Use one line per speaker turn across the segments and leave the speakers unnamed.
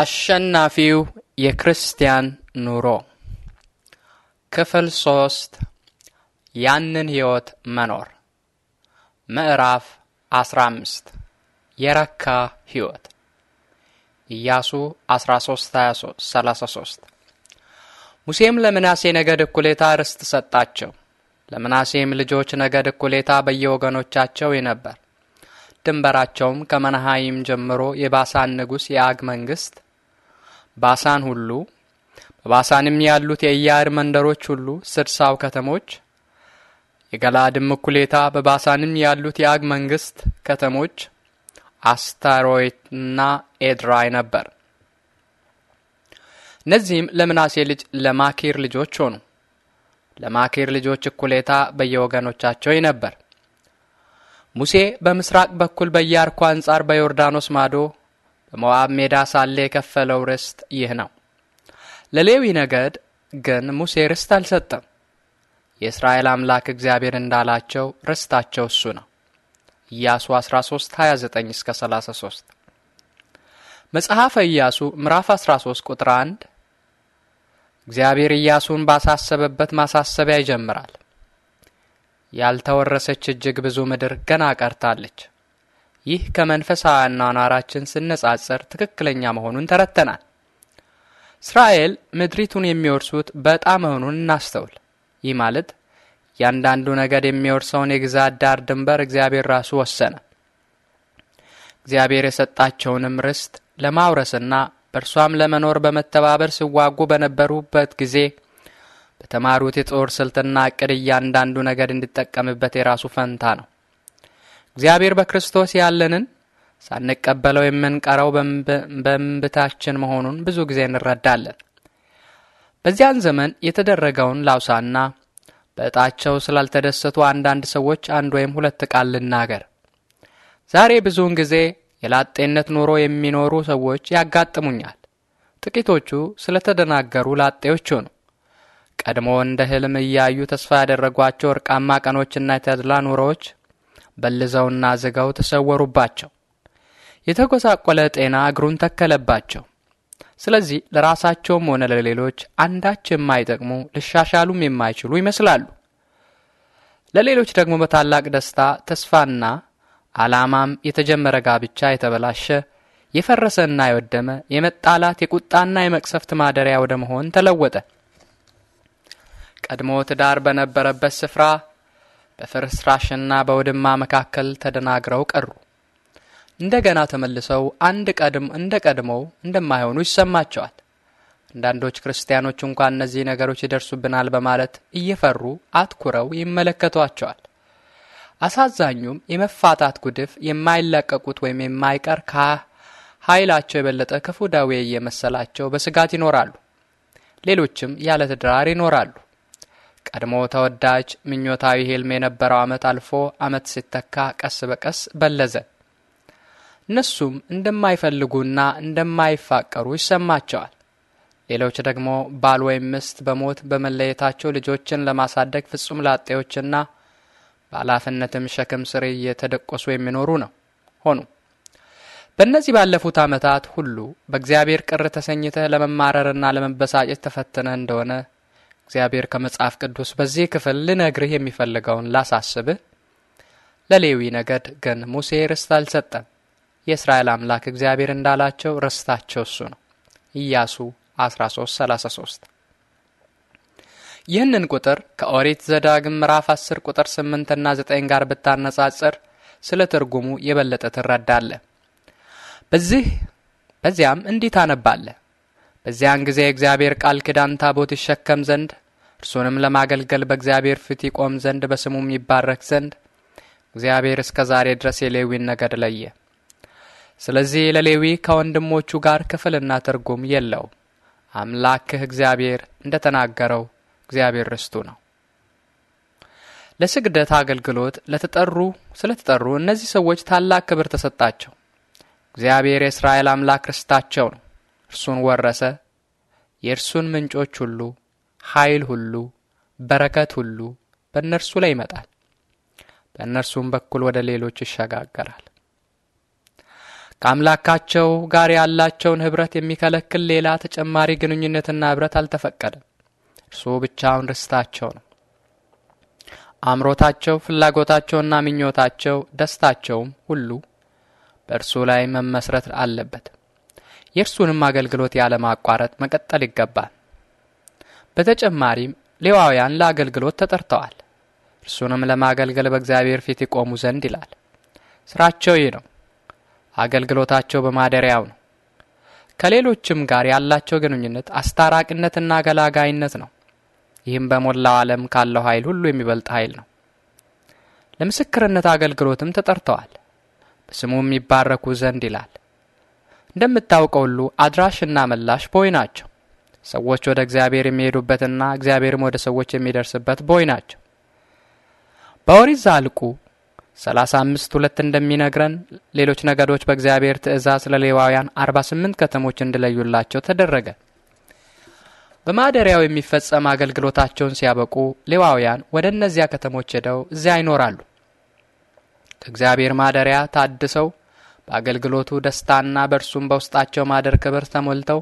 አሸናፊው የክርስቲያን ኑሮ ክፍል ሶስት ያንን ሕይወት መኖር ምዕራፍ አስራ አምስት የረካ ሕይወት ኢያሱ ሶስት ሙሴም ለምናሴ ነገድ እኩሌታ ርስት ሰጣቸው። ለምናሴም ልጆች ነገድ እኩሌታ በየወገኖቻቸው ነበር። ድንበራቸውም ከመናሃይም ጀምሮ የባሳን ንጉሥ የአግ መንግሥት ባሳን ሁሉ በባሳንም ያሉት የኢያዕር መንደሮች ሁሉ ስድሳው ከተሞች የገላድም እኩሌታ በባሳንም ያሉት የአግ መንግስት ከተሞች አስታሮይትና ኤድራይ ነበር። እነዚህም ለምናሴ ልጅ ለማኪር ልጆች ሆኑ። ለማኪር ልጆች እኩሌታ በየወገኖቻቸው ነበር። ሙሴ በምስራቅ በኩል በኢያሪኮ አንጻር በዮርዳኖስ ማዶ በሞዓብ ሜዳ ሳለ የከፈለው ርስት ይህ ነው። ለሌዊ ነገድ ግን ሙሴ ርስት አልሰጠም። የእስራኤል አምላክ እግዚአብሔር እንዳላቸው ርስታቸው እሱ ነው። ኢያሱ 13 29 እስከ 33 መጽሐፈ ኢያሱ ምዕራፍ 13 ቁጥር 1 እግዚአብሔር ኢያሱን ባሳሰበበት ማሳሰቢያ ይጀምራል። ያልተወረሰች እጅግ ብዙ ምድር ገና ቀርታለች። ይህ ከመንፈሳዊ አኗኗራችን ስነጻጸር ትክክለኛ መሆኑን ተረተናል። እስራኤል ምድሪቱን የሚወርሱት በጣም መሆኑን እናስተውል። ይህ ማለት እያንዳንዱ ነገድ የሚወርሰውን የግዛት ዳር ድንበር እግዚአብሔር ራሱ ወሰነ። እግዚአብሔር የሰጣቸውንም ርስት ለማውረስና በእርሷም ለመኖር በመተባበር ሲዋጉ በነበሩበት ጊዜ በተማሩት የጦር ስልትና እቅድ እያንዳንዱ ነገድ እንዲጠቀምበት የራሱ ፈንታ ነው። እግዚአብሔር በክርስቶስ ያለንን ሳንቀበለው የምንቀረው በእንብታችን መሆኑን ብዙ ጊዜ እንረዳለን። በዚያን ዘመን የተደረገውን ላውሳና በእጣቸው ስላልተደሰቱ አንዳንድ ሰዎች አንድ ወይም ሁለት ቃል ልናገር። ዛሬ ብዙውን ጊዜ የላጤነት ኑሮ የሚኖሩ ሰዎች ያጋጥሙኛል። ጥቂቶቹ ስለተደናገሩ ላጤዎች ሆኑ። ቀድሞ እንደ ህልም እያዩ ተስፋ ያደረጓቸው ወርቃማ ቀኖችና የተድላ ኑሮዎች በልዘውና ዝገው ተሰወሩባቸው። የተጎሳቆለ ጤና እግሩን ተከለባቸው። ስለዚህ ለራሳቸውም ሆነ ለሌሎች አንዳች የማይጠቅሙ ሊሻሻሉም የማይችሉ ይመስላሉ። ለሌሎች ደግሞ በታላቅ ደስታ ተስፋና ዓላማም የተጀመረ ጋብቻ የተበላሸ የፈረሰና የወደመ የመጣላት የቁጣና የመቅሰፍት ማደሪያ ወደ መሆን ተለወጠ። ቀድሞ ትዳር በነበረበት ስፍራ በፍርስራሽና በውድማ መካከል ተደናግረው ቀሩ። እንደገና ተመልሰው አንድ ቀድም እንደ ቀድሞው እንደማይሆኑ ይሰማቸዋል። አንዳንዶች ክርስቲያኖች እንኳ እነዚህ ነገሮች ይደርሱብናል በማለት እየፈሩ አትኩረው ይመለከቷቸዋል። አሳዛኙም የመፋታት ጉድፍ የማይላቀቁት ወይም የማይቀር ከኃይላቸው የበለጠ ክፉ ዳዌ እየመሰላቸው በስጋት ይኖራሉ። ሌሎችም ያለ ትዳር ይኖራሉ። ቀድሞ ተወዳጅ ምኞታዊ ሕልም የነበረው ዓመት አልፎ ዓመት ሲተካ ቀስ በቀስ በለዘ። እነሱም እንደማይፈልጉና እንደማይፋቀሩ ይሰማቸዋል። ሌሎች ደግሞ ባል ወይም ምስት በሞት በመለየታቸው ልጆችን ለማሳደግ ፍጹም ላጤዎችና በኃላፊነትም ሸክም ስር እየተደቆሱ የሚኖሩ ነው ሆኑ። በእነዚህ ባለፉት ዓመታት ሁሉ በእግዚአብሔር ቅር ተሰኝተህ ለመማረርና ለመበሳጨት ተፈትነህ እንደሆነ እግዚአብሔር ከመጽሐፍ ቅዱስ በዚህ ክፍል ልነግርህ የሚፈልገውን ላሳስብህ። ለሌዊ ነገድ ግን ሙሴ ርስት አልሰጠም። የእስራኤል አምላክ እግዚአብሔር እንዳላቸው ርስታቸው እሱ ነው። ኢያሱ 13:33 ይህንን ቁጥር ከኦሪት ዘዳግም ምዕራፍ 10 ቁጥር 8 እና 9 ጋር ብታነጻጽር ስለ ትርጉሙ የበለጠ ትረዳለ። በዚህ በዚያም እንዲህ ታነባለ። በዚያን ጊዜ የእግዚአብሔር ቃል ኪዳን ታቦት ይሸከም ዘንድ እርሱንም ለማገልገል በእግዚአብሔር ፊት ይቆም ዘንድ በስሙም ይባረክ ዘንድ እግዚአብሔር እስከ ዛሬ ድረስ የሌዊን ነገድ ለየ። ስለዚህ ለሌዊ ከወንድሞቹ ጋር ክፍልና ትርጉም የለው። አምላክህ እግዚአብሔር እንደ ተናገረው እግዚአብሔር ርስቱ ነው። ለስግደት አገልግሎት ለተጠሩ ስለተጠሩ እነዚህ ሰዎች ታላቅ ክብር ተሰጣቸው። እግዚአብሔር የእስራኤል አምላክ ርስታቸው ነው። እርሱን ወረሰ። የእርሱን ምንጮች ሁሉ ኃይል ሁሉ፣ በረከት ሁሉ በእነርሱ ላይ ይመጣል። በእነርሱም በኩል ወደ ሌሎች ይሸጋገራል። ከአምላካቸው ጋር ያላቸውን ኅብረት የሚከለክል ሌላ ተጨማሪ ግንኙነትና ኅብረት አልተፈቀደም። እርሱ ብቻውን ርስታቸው ነው። አእምሮታቸው፣ ፍላጎታቸውና ምኞታቸው፣ ደስታቸውም ሁሉ በእርሱ ላይ መመስረት አለበት። የእርሱንም አገልግሎት ያለማቋረጥ መቀጠል ይገባል። በተጨማሪም ሌዋውያን ለአገልግሎት ተጠርተዋል፣ እርሱንም ለማገልገል በእግዚአብሔር ፊት ይቆሙ ዘንድ ይላል። ስራቸው ይህ ነው፣ አገልግሎታቸው በማደሪያው ነው። ከሌሎችም ጋር ያላቸው ግንኙነት አስታራቂነትና ገላጋይነት ነው። ይህም በሞላው ዓለም ካለው ኃይል ሁሉ የሚበልጥ ኃይል ነው። ለምስክርነት አገልግሎትም ተጠርተዋል፣ በስሙም ይባረኩ ዘንድ ይላል። እንደምታውቀው ሁሉ አድራሽና መላሽ ቦይ ናቸው። ሰዎች ወደ እግዚአብሔር የሚሄዱበትና እግዚአብሔርም ወደ ሰዎች የሚደርስበት ቦይ ናቸው። በኦሪት ዘኍልቍ ሰላሳ አምስት ሁለት እንደሚነግረን ሌሎች ነገዶች በእግዚአብሔር ትእዛዝ ለሌዋውያን አርባ ስምንት ከተሞች እንዲለዩላቸው ተደረገ። በማደሪያው የሚፈጸም አገልግሎታቸውን ሲያበቁ ሌዋውያን ወደ እነዚያ ከተሞች ሄደው እዚያ ይኖራሉ። ከእግዚአብሔር ማደሪያ ታድሰው በአገልግሎቱ ደስታና በእርሱም በውስጣቸው ማደር ክብር ተሞልተው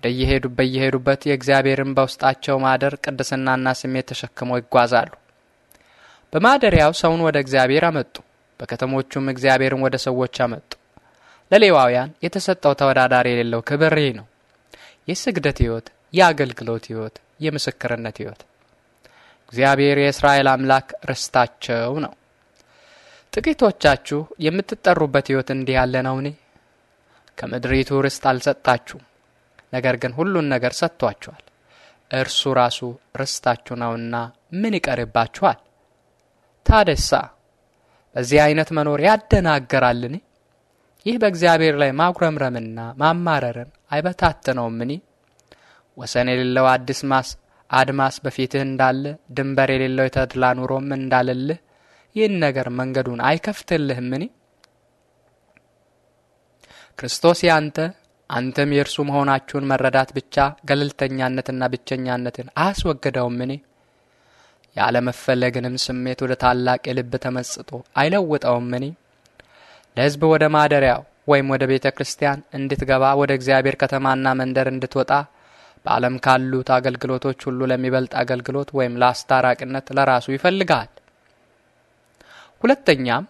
ወደየሄዱ በየሄዱበት የእግዚአብሔርን በውስጣቸው ማደር ቅድስናና ስሜት ተሸክመው ይጓዛሉ። በማደሪያው ሰውን ወደ እግዚአብሔር አመጡ፣ በከተሞቹም እግዚአብሔርን ወደ ሰዎች አመጡ። ለሌዋውያን የተሰጠው ተወዳዳሪ የሌለው ክብር ይህ ነው፤ የስግደት ሕይወት፣ የአገልግሎት ሕይወት፣ የምስክርነት ሕይወት። እግዚአብሔር የእስራኤል አምላክ ርስታቸው ነው። ጥቂቶቻችሁ የምትጠሩበት ሕይወት እንዲህ ያለ ነውን? ከምድሪቱ ርስት አልሰጣችሁም ነገር ግን ሁሉን ነገር ሰጥቷችኋል። እርሱ ራሱ ርስታችሁ ነውና ምን ይቀርባችኋል? ታደሳ በዚህ አይነት መኖር ያደናገራልን? ይህ በእግዚአብሔር ላይ ማጉረምረምና ማማረርን አይበታተነውምን? ወሰን የሌለው አዲስ ማስ አድማስ በፊትህ እንዳለ ድንበር የሌለው የተድላ ኑሮም እንዳለልህ ይህን ነገር መንገዱን አይከፍትልህምን? ክርስቶስ ያንተ አንተም የእርሱ መሆናችሁን መረዳት ብቻ ገለልተኛነትና ብቸኛነትን አያስወግደውምን? ያለመፈለግንም ስሜት ወደ ታላቅ የልብ ተመጽጦ አይለውጠውምን? ለሕዝብ ወደ ማደሪያው ወይም ወደ ቤተ ክርስቲያን እንድትገባ ወደ እግዚአብሔር ከተማና መንደር እንድትወጣ በዓለም ካሉት አገልግሎቶች ሁሉ ለሚበልጥ አገልግሎት ወይም ለአስታራቂነት ለራሱ ይፈልጋል። ሁለተኛም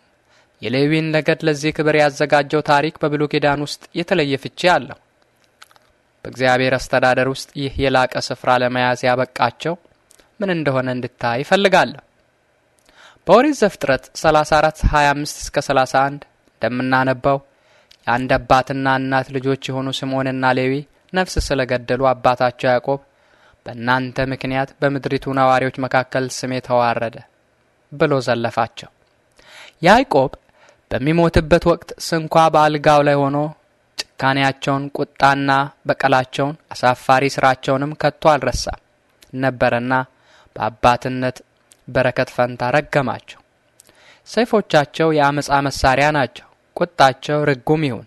የሌዊን ነገድ ለዚህ ክብር ያዘጋጀው ታሪክ በብሉ ኪዳን ውስጥ የተለየ ፍቺ አለው። በእግዚአብሔር አስተዳደር ውስጥ ይህ የላቀ ስፍራ ለመያዝ ያበቃቸው ምን እንደሆነ እንድታይ ይፈልጋለሁ። በኦሪት ዘፍጥረት 34 25 እስከ 31 እንደምናነባው የአንድ አባትና እናት ልጆች የሆኑ ስምዖንና ሌዊ ነፍስ ስለ ገደሉ አባታቸው ያዕቆብ በእናንተ ምክንያት በምድሪቱ ነዋሪዎች መካከል ስሜ ተዋረደ ብሎ ዘለፋቸው። ያዕቆብ በሚሞትበት ወቅት ስንኳ በአልጋው ላይ ሆኖ ጭካኔያቸውን፣ ቁጣና በቀላቸውን፣ አሳፋሪ ስራቸውንም ከቶ አልረሳም ነበረና በአባትነት በረከት ፈንታ ረገማቸው። ሰይፎቻቸው የአመፃ መሳሪያ ናቸው። ቁጣቸው ርጉም ይሁን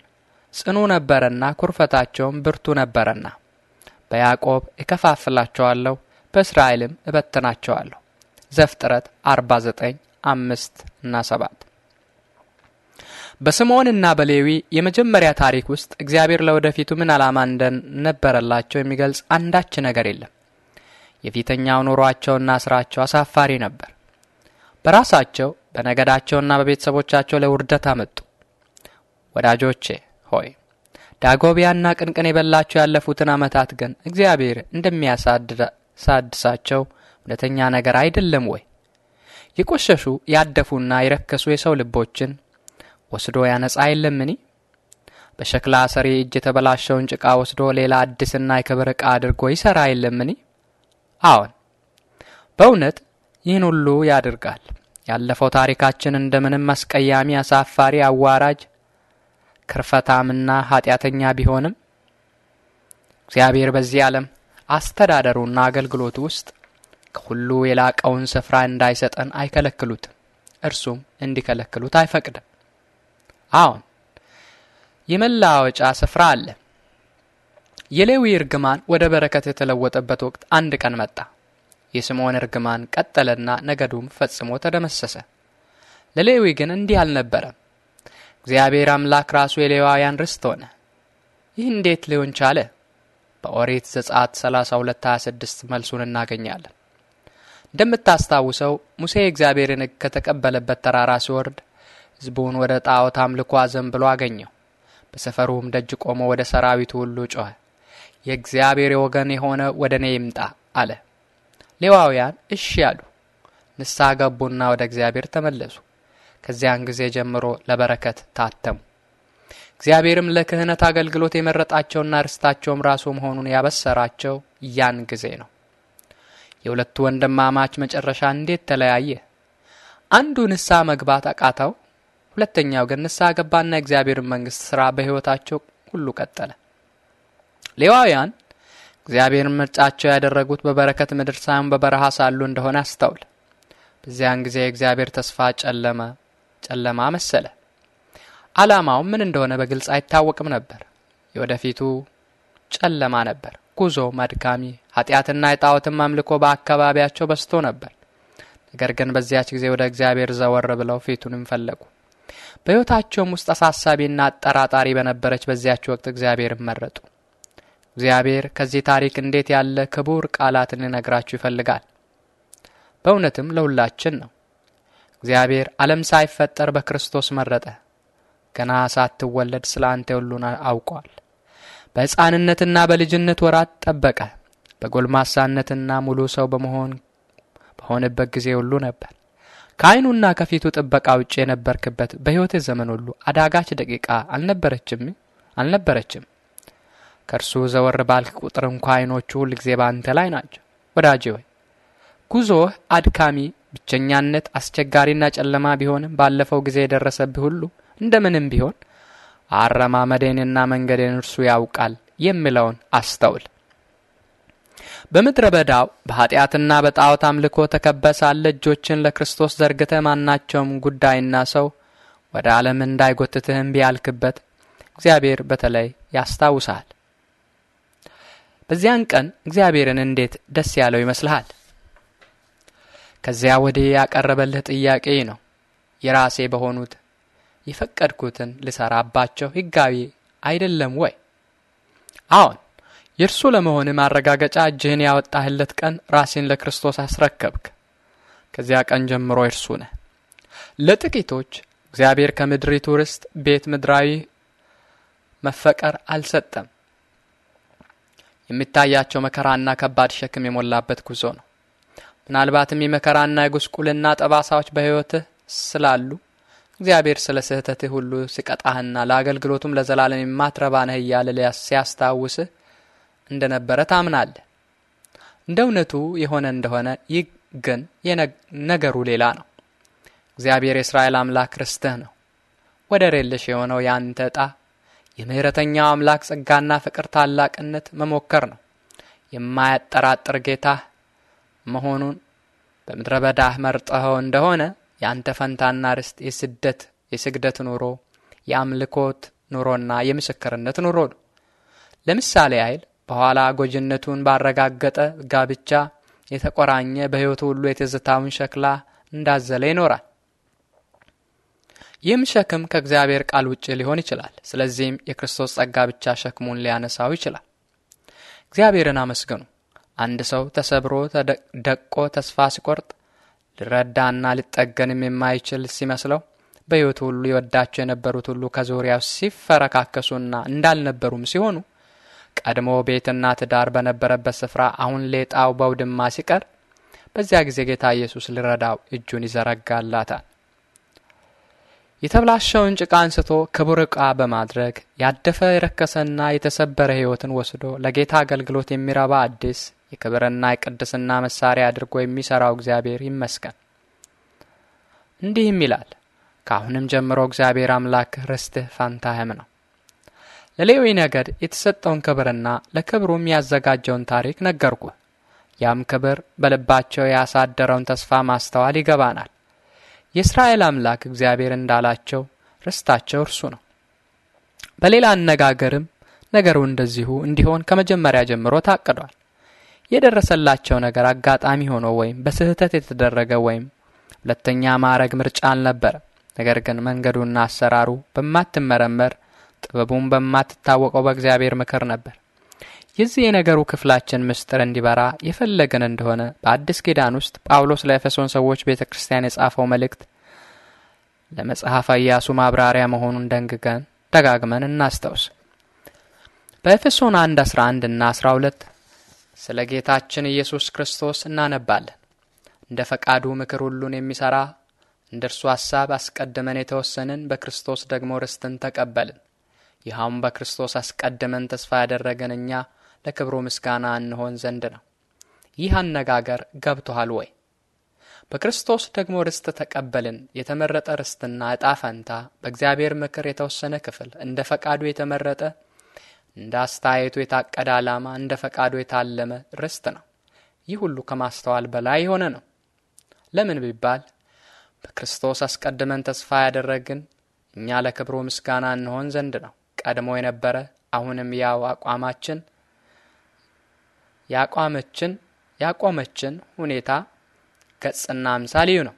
ጽኑ ነበረና ኩርፈታቸውም ብርቱ ነበረና በያዕቆብ እከፋፍላቸዋለሁ በእስራኤልም እበትናቸዋለሁ። ዘፍጥረት 49 አምስት እና ሰባት በስምዖንና በሌዊ የመጀመሪያ ታሪክ ውስጥ እግዚአብሔር ለወደፊቱ ምን ዓላማ እንደነበረላቸው የሚገልጽ አንዳች ነገር የለም። የፊተኛው ኑሯቸውና ስራቸው አሳፋሪ ነበር። በራሳቸው በነገዳቸውና በቤተሰቦቻቸው ለውርደት አመጡ። ወዳጆቼ ሆይ ዳጎቢያና ቅንቅን የበላቸው ያለፉትን ዓመታት ግን እግዚአብሔር እንደሚያሳድሳቸው እውነተኛ ነገር አይደለም ወይ? የቆሸሹ ያደፉና የረከሱ የሰው ልቦችን ወስዶ ያነጻ የለምን? በሸክላ ሰሪ እጅ የተበላሸውን ጭቃ ወስዶ ሌላ አዲስና የክብር ዕቃ አድርጎ ይሠራ የለምን? አዎን በእውነት ይህን ሁሉ ያደርጋል። ያለፈው ታሪካችን እንደምንም አስቀያሚ፣ አሳፋሪ፣ አዋራጅ፣ ክርፈታምና ኃጢአተኛ ቢሆንም እግዚአብሔር በዚህ ዓለም አስተዳደሩና አገልግሎቱ ውስጥ ከሁሉ የላቀውን ስፍራ እንዳይሰጠን አይከለክሉትም። እርሱም እንዲከለክሉት አይፈቅድም። አሁን የመለዋወጫ ስፍራ አለ። የሌዊ እርግማን ወደ በረከት የተለወጠበት ወቅት አንድ ቀን መጣ። የስምዖን እርግማን ቀጠለና ነገዱም ፈጽሞ ተደመሰሰ። ለሌዊ ግን እንዲህ አልነበረም። እግዚአብሔር አምላክ ራሱ የሌዋውያን ርስት ሆነ። ይህ እንዴት ሊሆን ቻለ? በኦሪት ዘጸአት 32፥26 መልሱን እናገኛለን። እንደምታስታውሰው ሙሴ የእግዚአብሔርን ሕግ ከተቀበለበት ተራራ ሲወርድ ሕዝቡን ወደ ጣዖት አምልኮ አዘንብሎ አገኘው። በሰፈሩም ደጅ ቆሞ ወደ ሰራዊቱ ሁሉ ጮኸ፣ የእግዚአብሔር ወገን የሆነ ወደ እኔ ይምጣ አለ። ሌዋውያን እሺ አሉ፣ ንስሐ ገቡና ወደ እግዚአብሔር ተመለሱ። ከዚያን ጊዜ ጀምሮ ለበረከት ታተሙ። እግዚአብሔርም ለክህነት አገልግሎት የመረጣቸውና ርስታቸውም ራሱ መሆኑን ያበሰራቸው ያን ጊዜ ነው። የሁለቱ ወንድማማች መጨረሻ እንዴት ተለያየ? አንዱ ንስሐ መግባት አቃተው፣ ሁለተኛው ግን ንስሐ ገባና የእግዚአብሔርን መንግሥት ሥራ በሕይወታቸው ሁሉ ቀጠለ። ሌዋውያን እግዚአብሔርን ምርጫቸው ያደረጉት በበረከት ምድር ሳይሆን በበረሃ ሳሉ እንደሆነ አስተውል። በዚያን ጊዜ የእግዚአብሔር ተስፋ ጨለመ ጨለማ መሰለ። አላማው ምን እንደሆነ በግልጽ አይታወቅም ነበር። የወደፊቱ ጨለማ ነበር። ጉዞ መድካሚ፣ ኃጢአትና የጣዖትን አምልኮ በአካባቢያቸው በስቶ ነበር። ነገር ግን በዚያች ጊዜ ወደ እግዚአብሔር ዘወር ብለው ፊቱንም ፈለጉ። በሕይወታቸውም ውስጥ አሳሳቢና አጠራጣሪ በነበረች በዚያች ወቅት እግዚአብሔር መረጡ። እግዚአብሔር ከዚህ ታሪክ እንዴት ያለ ክቡር ቃላትን ሊነግራችሁ ይፈልጋል። በእውነትም ለሁላችን ነው። እግዚአብሔር ዓለም ሳይፈጠር በክርስቶስ መረጠ። ገና ሳትወለድ ስለ አንተ ሁሉን አውቋል። በሕፃንነትና በልጅነት ወራት ጠበቀ። በጎልማሳነትና ሙሉ ሰው በመሆን በሆንበት ጊዜ ሁሉ ነበር። ከዓይኑና ከፊቱ ጥበቃ ውጭ የነበርክበት በሕይወት ዘመን ሁሉ አዳጋች ደቂቃ አልነበረችም አልነበረችም። ከእርሱ ዘወር ባልክ ቁጥር እንኳ ዓይኖቹ ሁልጊዜ በአንተ ላይ ናቸው። ወዳጄ ሆይ ጉዞህ አድካሚ፣ ብቸኛነት፣ አስቸጋሪና ጨለማ ቢሆንም ባለፈው ጊዜ የደረሰብህ ሁሉ እንደምንም ቢሆን አረማመዴንና መንገዴን እርሱ ያውቃል የሚለውን አስተውል። በምድረ በዳ በኃጢአትና በጣዖት አምልኮ ተከበሰ ሳለ እጆችን ለክርስቶስ ዘርግተ ማናቸውም ጉዳይና ሰው ወደ ዓለም እንዳይጎትትህም ቢያልክበት ያልክበት እግዚአብሔር በተለይ ያስታውሳል። በዚያን ቀን እግዚአብሔርን እንዴት ደስ ያለው ይመስልሃል? ከዚያ ወዲህ ያቀረበልህ ጥያቄ ነው። የራሴ በሆኑት የፈቀድኩትን ልሰራባቸው ሕጋዊ አይደለም ወይ? አዎን የእርሱ ለመሆን ማረጋገጫ እጅህን ያወጣህለት ቀን ራሴን ለክርስቶስ አስረከብክ። ከዚያ ቀን ጀምሮ እርሱ ነህ። ለጥቂቶች እግዚአብሔር ከምድሪቱ ርስት ቤት ምድራዊ መፈቀር አልሰጠም። የሚታያቸው መከራና ከባድ ሸክም የሞላበት ጉዞ ነው። ምናልባትም የመከራና የጉስቁልና ጠባሳዎች በሕይወትህ ስላሉ እግዚአብሔር ስለ ስህተትህ ሁሉ ሲቀጣህና ለአገልግሎቱም ለዘላለም የማትረባ ነህ እያለ ሲያስታውስህ እንደነበረ ታምናለህ። እንደ እውነቱ የሆነ እንደሆነ ይህ ግን ነገሩ ሌላ ነው። እግዚአብሔር የእስራኤል አምላክ ርስትህ ነው። ወደር የለሽ የሆነው ያንተ ዕጣ የምሕረተኛው አምላክ ጸጋና ፍቅር ታላቅነት መሞከር ነው። የማያጠራጥር ጌታ መሆኑን በምድረ በዳህ መርጠኸው እንደሆነ የአንተ ፈንታና ርስት የስደት የስግደት ኑሮ፣ የአምልኮት ኑሮና የምስክርነት ኑሮ ነው። ለምሳሌ ያህል በኋላ ጎጅነቱን ባረጋገጠ ጋብቻ የተቆራኘ በሕይወቱ ሁሉ የትዝታውን ሸክላ እንዳዘለ ይኖራል። ይህም ሸክም ከእግዚአብሔር ቃል ውጭ ሊሆን ይችላል። ስለዚህም የክርስቶስ ጸጋ ብቻ ሸክሙን ሊያነሳው ይችላል። እግዚአብሔርን አመስግኑ። አንድ ሰው ተሰብሮ ደቆ ተስፋ ሲቆርጥ ሊረዳና ሊጠገንም የማይችል ሲመስለው በሕይወቱ ሁሉ የወዳቸው የነበሩት ሁሉ ከዙሪያው ሲፈረካከሱና እንዳልነበሩም ሲሆኑ ቀድሞ ቤትና ትዳር በነበረበት ስፍራ አሁን ሌጣው በውድማ ሲቀር፣ በዚያ ጊዜ ጌታ ኢየሱስ ሊረዳው እጁን ይዘረጋላታል። የተብላሸውን ጭቃ አንስቶ ክቡር ዕቃ በማድረግ ያደፈ የረከሰና የተሰበረ ሕይወትን ወስዶ ለጌታ አገልግሎት የሚረባ አዲስ የክብርና የቅድስና መሳሪያ አድርጎ የሚሠራው እግዚአብሔር ይመስገን። እንዲህም ይላል፣ ከአሁንም ጀምሮ እግዚአብሔር አምላክ ርስትህ ፋንታህም ነው። ለሌዊ ነገድ የተሰጠውን ክብርና ለክብሩም ያዘጋጀውን ታሪክ ነገርኩ። ያም ክብር በልባቸው ያሳደረውን ተስፋ ማስተዋል ይገባናል። የእስራኤል አምላክ እግዚአብሔር እንዳላቸው ርስታቸው እርሱ ነው። በሌላ አነጋገርም ነገሩ እንደዚሁ እንዲሆን ከመጀመሪያ ጀምሮ ታቅዷል። የደረሰላቸው ነገር አጋጣሚ ሆኖ ወይም በስህተት የተደረገ ወይም ሁለተኛ ማዕረግ ምርጫ አልነበረም። ነገር ግን መንገዱና አሰራሩ በማትመረመር ጥበቡን በማትታወቀው በእግዚአብሔር ምክር ነበር። የዚህ የነገሩ ክፍላችን ምስጢር እንዲበራ የፈለገን እንደሆነ በአዲስ ኪዳን ውስጥ ጳውሎስ ለኤፌሶን ሰዎች ቤተ ክርስቲያን የጻፈው መልእክት ለመጽሐፈ ኢያሱ ማብራሪያ መሆኑን ደንግገን ደጋግመን እናስታውስ። በኤፌሶን 1 11 እና 12 ስለ ጌታችን ኢየሱስ ክርስቶስ እናነባለን። እንደ ፈቃዱ ምክር ሁሉን የሚሠራ እንደ እርሱ ሐሳብ አስቀድመን የተወሰንን በክርስቶስ ደግሞ ርስትን ተቀበልን። ይኸውም በክርስቶስ አስቀድመን ተስፋ ያደረገን እኛ ለክብሩ ምስጋና እንሆን ዘንድ ነው። ይህ አነጋገር ገብቶሃል ወይ? በክርስቶስ ደግሞ ርስት ተቀበልን። የተመረጠ ርስትና እጣ ፈንታ በእግዚአብሔር ምክር የተወሰነ ክፍል፣ እንደ ፈቃዱ የተመረጠ፣ እንደ አስተያየቱ የታቀደ ዓላማ፣ እንደ ፈቃዱ የታለመ ርስት ነው። ይህ ሁሉ ከማስተዋል በላይ የሆነ ነው። ለምን ቢባል በክርስቶስ አስቀድመን ተስፋ ያደረግን እኛ ለክብሩ ምስጋና እንሆን ዘንድ ነው። ቀድሞ የነበረ አሁንም ያው አቋማችን ያቋመችን ያቆመችን ሁኔታ ገጽና ምሳሌ ነው።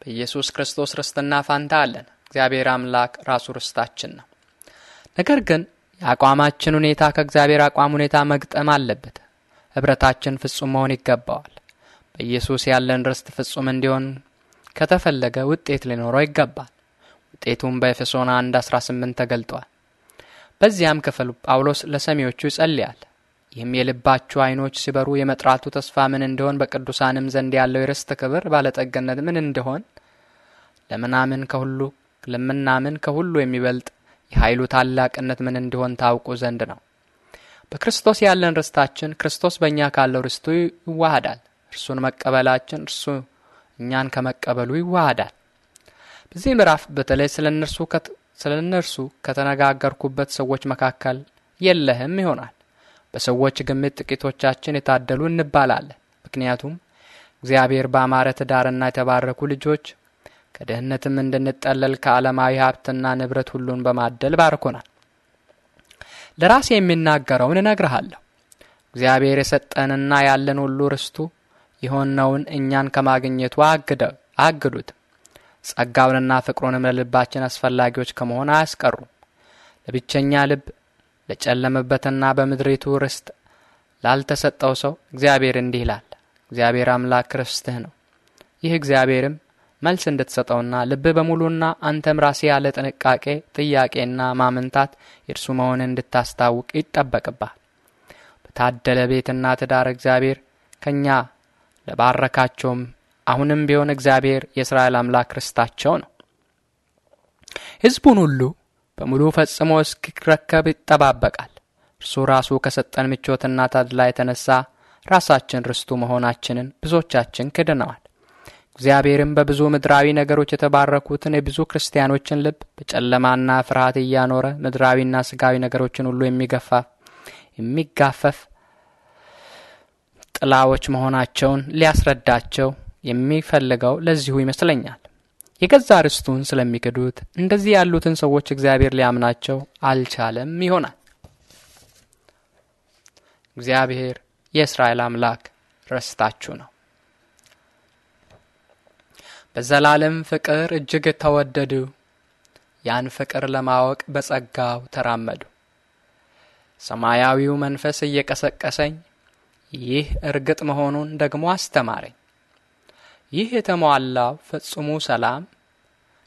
በኢየሱስ ክርስቶስ ርስትና ፋንታ አለን። እግዚአብሔር አምላክ ራሱ ርስታችን ነው። ነገር ግን የአቋማችን ሁኔታ ከእግዚአብሔር አቋም ሁኔታ መግጠም አለበት። ኅብረታችን ፍጹም መሆን ይገባዋል። በኢየሱስ ያለን ርስት ፍጹም እንዲሆን ከተፈለገ ውጤት ሊኖረው ይገባል። ውጤቱም በኤፌሶን 1 18 ተገልጧል። በዚያም ክፍል ጳውሎስ ለሰሚዎቹ ይጸልያል። ይህም የልባችሁ ዓይኖች ሲበሩ የመጥራቱ ተስፋ ምን እንደሆን በቅዱሳንም ዘንድ ያለው የርስት ክብር ባለጠገነት ምን እንደሆን ለምናምን ከሁሉ ለምናምን ከሁሉ የሚበልጥ የኃይሉ ታላቅነት ምን እንደሆን ታውቁ ዘንድ ነው። በክርስቶስ ያለን ርስታችን ክርስቶስ በእኛ ካለው ርስቱ ይዋሃዳል። እርሱን መቀበላችን እርሱ እኛን ከመቀበሉ ይዋሃዳል። በዚህ ምዕራፍ በተለይ ስለ እነርሱ ከተነጋገርኩበት ሰዎች መካከል የለህም ይሆናል። በሰዎች ግምት ጥቂቶቻችን የታደሉ እንባላለን። ምክንያቱም እግዚአብሔር በአማረ ትዳርና የተባረኩ ልጆች ከድህነትም እንድንጠለል ከዓለማዊ ሀብትና ንብረት ሁሉን በማደል ባርኮናል። ለራሴ የሚናገረውን እነግርሃለሁ። እግዚአብሔር የሰጠንና ያለን ሁሉ ርስቱ የሆነውን እኛን ከማግኘቱ አግዱት። ጸጋውንና ፍቅሩንም ለልባችን አስፈላጊዎች ከመሆን አያስቀሩም። ለብቸኛ ልብ ለጨለመበትና በምድሪቱ ርስት ላልተሰጠው ሰው እግዚአብሔር እንዲህ ይላል። እግዚአብሔር አምላክ ርስትህ ነው። ይህ እግዚአብሔርም መልስ እንድትሰጠውና ልብህ በሙሉና አንተም ራሴ ያለ ጥንቃቄ ጥያቄና ማመንታት የእርሱ መሆን እንድታስታውቅ ይጠበቅባል። በታደለ ቤትና ትዳር እግዚአብሔር ከእኛ ለባረካቸውም አሁንም ቢሆን እግዚአብሔር የእስራኤል አምላክ ርስታቸው ነው። ሕዝቡን ሁሉ በሙሉ ፈጽሞ እስኪረከብ ይጠባበቃል። እርሱ ራሱ ከሰጠን ምቾትና ታድላ የተነሳ ራሳችን ርስቱ መሆናችንን ብዙዎቻችን ክድነዋል። እግዚአብሔርም በብዙ ምድራዊ ነገሮች የተባረኩትን የብዙ ክርስቲያኖችን ልብ በጨለማና ፍርሃት እያኖረ ምድራዊና ስጋዊ ነገሮችን ሁሉ የሚገፋ የሚጋፈፍ ጥላዎች መሆናቸውን ሊያስረዳቸው የሚፈልገው ለዚሁ ይመስለኛል። የገዛ ርስቱን ስለሚክዱት እንደዚህ ያሉትን ሰዎች እግዚአብሔር ሊያምናቸው አልቻለም ይሆናል። እግዚአብሔር የእስራኤል አምላክ ርስታችሁ ነው። በዘላለም ፍቅር እጅግ ተወደዱ። ያን ፍቅር ለማወቅ በጸጋው ተራመዱ። ሰማያዊው መንፈስ እየቀሰቀሰኝ ይህ እርግጥ መሆኑን ደግሞ አስተማረኝ። ይህ የተሟላ ፍጹሙ ሰላም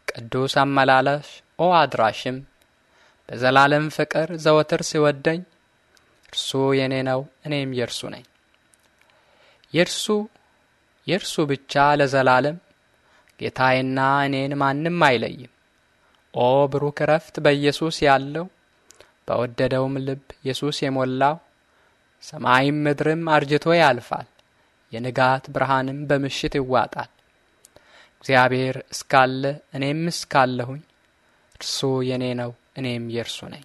ቅዱስ አመላላሽ ኦ አድራሽም በዘላለም ፍቅር ዘወትር ሲወደኝ እርሱ የእኔ ነው እኔም የእርሱ ነኝ። የእርሱ የእርሱ ብቻ ለዘላለም ጌታዬና እኔን ማንም አይለይም። ኦ ብሩክ እረፍት በኢየሱስ ያለው በወደደውም ልብ ኢየሱስ የሞላው ሰማይም ምድርም አርጅቶ ያልፋል። የንጋት ብርሃንም በምሽት ይዋጣል። እግዚአብሔር እስካለ እኔም እስካለሁኝ እርሱ የኔ ነው፣ እኔም የእርሱ ነኝ።